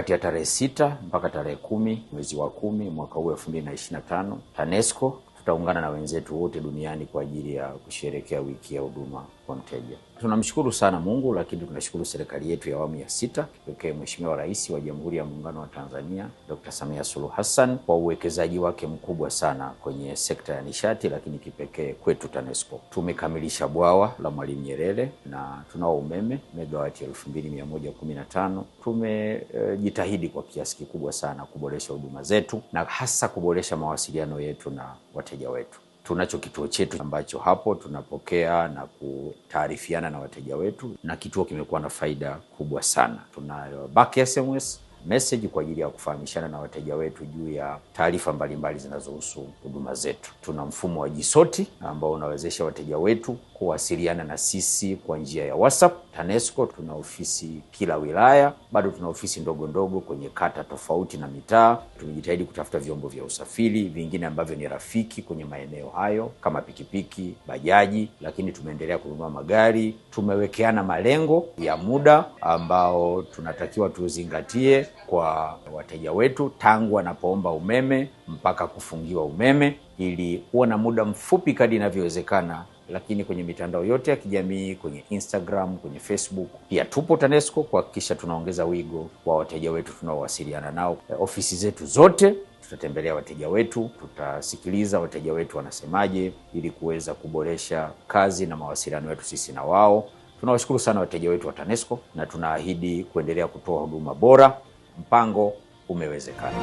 kati ya tarehe sita mpaka tarehe kumi mwezi wa kumi mwaka huu na na tano TANESCO tutaungana na wenzetu wote duniani kwa ajili ya kusherehekea wiki ya huduma kwa mteja. Tunamshukuru sana Mungu, lakini tunashukuru serikali yetu ya awamu ya sita, kipekee Mheshimiwa Rais wa Jamhuri ya Muungano wa Tanzania Dr. Samia Suluhu Hassan kwa uwekezaji wake mkubwa sana kwenye sekta ya nishati, lakini kipekee kwetu TANESCO. Tumekamilisha bwawa la Mwalimu Nyerere na tunao umeme megawati 2115. Tumejitahidi kwa kiasi kikubwa sana kuboresha huduma zetu na hasa kuboresha mawasiliano yetu na wateja wetu. Tunacho kituo chetu ambacho hapo tunapokea na kutaarifiana na wateja wetu, na kituo kimekuwa na faida kubwa sana. Tunayo back SMS message kwa ajili ya kufahamishana na wateja wetu juu ya taarifa mbalimbali zinazohusu huduma zetu. Tuna mfumo wa Jisoti ambao unawezesha wateja wetu kuwasiliana na sisi kwa njia ya WhatsApp. TANESCO tuna ofisi kila wilaya, bado tuna ofisi ndogo ndogo kwenye kata tofauti na mitaa. Tumejitahidi kutafuta vyombo vya usafiri vingine ambavyo ni rafiki kwenye maeneo hayo kama pikipiki, bajaji, lakini tumeendelea kununua magari. Tumewekeana malengo ya muda ambao tunatakiwa tuzingatie kwa wateja wetu tangu wanapoomba umeme mpaka kufungiwa umeme, ili kuwa na muda mfupi kadri inavyowezekana lakini kwenye mitandao yote ya kijamii, kwenye Instagram, kwenye Facebook pia tupo TANESCO kuhakikisha tunaongeza wigo wa wateja wetu tunaowasiliana nao. Eh, ofisi zetu zote tutatembelea wateja wetu, tutasikiliza wateja wetu wanasemaje, ili kuweza kuboresha kazi na mawasiliano yetu sisi na wao. Tunawashukuru sana wateja wetu wa TANESCO na tunaahidi kuendelea kutoa huduma bora. Mpango umewezekana.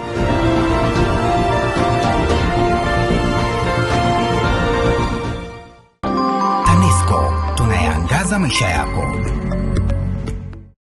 TANESCO tunayaangaza maisha yako.